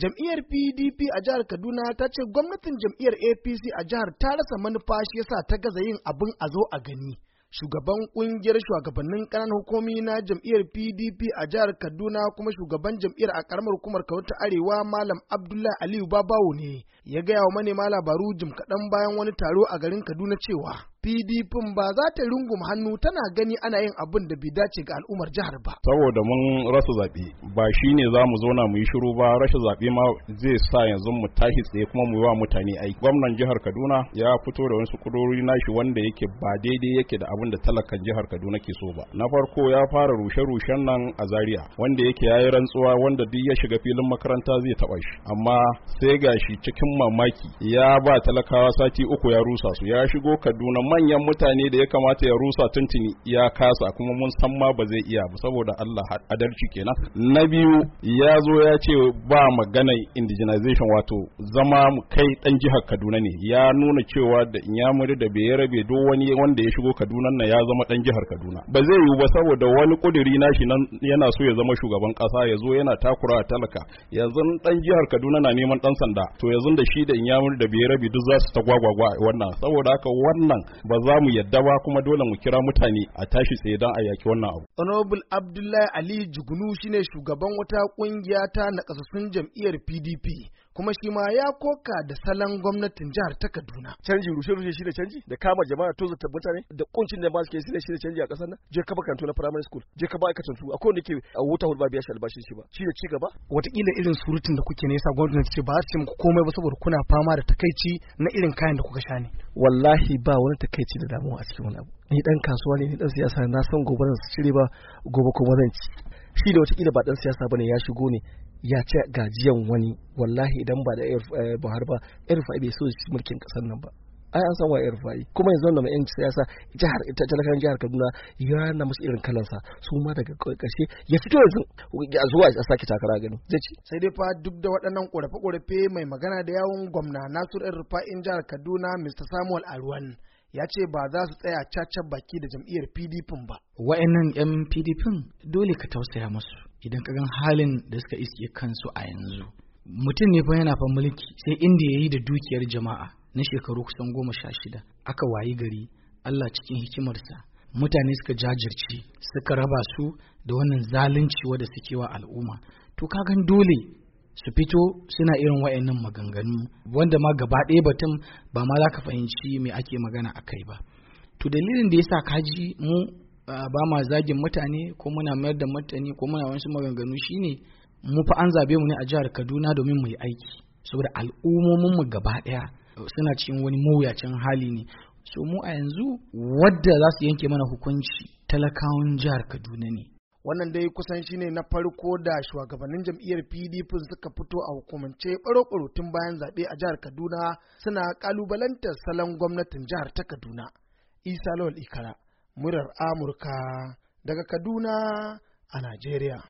jam'iyyar pdp a jihar kaduna ta ce gwamnatin jam'iyyar apc a jihar ta rasa manufa shi yasa ta gaza yin abin a zo a gani shugaban kungiyar shugabannin ƙananan hukumi na jam'iyyar pdp a jihar kaduna kuma shugaban jam'iyyar a karamar hukumar ta arewa malam abdullahi aliyu babawo ne ya gaya wa manema labaru jim kaɗan bayan wani taro a garin kaduna cewa pdp ba za ta rungum hannu tana gani ana yin abin da bai dace ga al'ummar jihar ba saboda mun rasa zaɓe ba shi ne za mu zauna mu yi shiru ba rashin zaɓe ma zai sa yanzu mu tashi tsaye kuma mu yi wa mutane aiki gwamnan jihar kaduna ya fito da wasu kudurori nashi wanda yake ba daidai yake da abin da talakan jihar kaduna ke so ba na farko ya fara rushe-rushen nan a zaria wanda yake yi rantsuwa wanda duk ya shiga filin makaranta zai taɓa shi amma sai gashi cikin mamaki ya ba talakawa sati uku ya rusa su ya shigo kaduna manyan mutane da ya kamata ya rusa tuntuni ya kasa kuma mun san ma ba zai iya ba saboda Allah adalci kenan na biyu ya zo ya ce ba magana indigenization wato zama mu kai dan jihar Kaduna ne ya nuna cewa da Inyamuri da rabe do wani wanda ya shigo Kaduna nan ya zama dan jihar Kaduna ba zai yiwu ba saboda wani kuduri nashi nan yana so ya zama shugaban kasa ya zo yana takura talaka yanzu dan jihar Kaduna na neman dan sanda to yanzu da shi da Inyamuri da rabe duk za su ta gwagwagwa wannan saboda haka wannan ba za mu yadda ba kuma dole mu kira mutane a tashi tsaye don a yaki wannan abu. Honorable Abdullahi Ali Jugunu shine shugaban wata kungiya ta nakasassun jam'iyyar PDP kuma shi ma ya koka da salon gwamnatin jihar ta Kaduna. Canji rushe rushe shi ne canji da kama jama'a to zata mutane da kuncin da masu ke shi ne shi canji a kasar nan je ka bakantu na primary school je ka ba aikatan su akwai wanda ke a wuta hudu ba biya shi albashin shi ba shi da ci gaba. Wataƙila irin surutun da kuke nesa gwamnati ce ba su ce muku komai ba saboda kuna fama da takaici na irin kayan da kuka sha ne. Wallahi ba wani ci da damuwa a cikin wani abu ni dan kasuwa ne ni dan siyasa na san gobe zan cire ba gobe kuma zan ci shi da wataƙila ba dan siyasa bane ya shigo ne ya ci gajiyan wani wallahi idan ba da Al-Buhar eh, ba Irfa'i bai so shi mulkin kasar nan ba ai an san wa Irfa'i kuma yanzu wannan yan siyasa jihar ita talakan jihar Kaduna ya na musu irin kalansa su ma daga ƙarshe ya fito yanzu ya zuwa a sake takara gani zai ci sai dai fa duk da waɗannan ƙorafe korafe mai magana da yawun gwamna Nasiru in jihar Kaduna Mr Samuel Arwan ya ce ba za su tsaya cacar baki da jam'iyyar pdp ba wa'annan 'yan pdp dole ka tausaya musu idan ka gan halin da suka iske kansu a yanzu mutum ne fa yana fa mulki sai inda ya yi da dukiyar jama'a na shekaru kusan goma sha shida aka wayi gari allah cikin hikimarsa mutane suka jajirce suka raba su da wannan zalunci wadda suke wa al'umma to ka gan dole su fito suna irin wa'annan maganganu wanda ma gaba ɗaya batun ba ma za ka fahimci me ake magana a kai ba to dalilin da ya yasa kaji mu ba ma zagin mutane ko muna mayar da mutane ko muna wasu maganganu shine mu fa an zabe mu ne a jihar Kaduna domin mu yi aiki saboda al'ummomin mu gaba ɗaya suna cikin wani mawuyacin hali ne so mu a yanzu wadda za su yanke mana hukunci talakawan jihar Kaduna ne wannan dai kusan shine na farko da shugabannin jam'iyyar pdp suka fito a hukumance baro tun bayan zaɓe a jihar kaduna suna ƙalubalantar salon gwamnatin jihar ta kaduna isa lawal ikara murar amurka daga kaduna a najeriya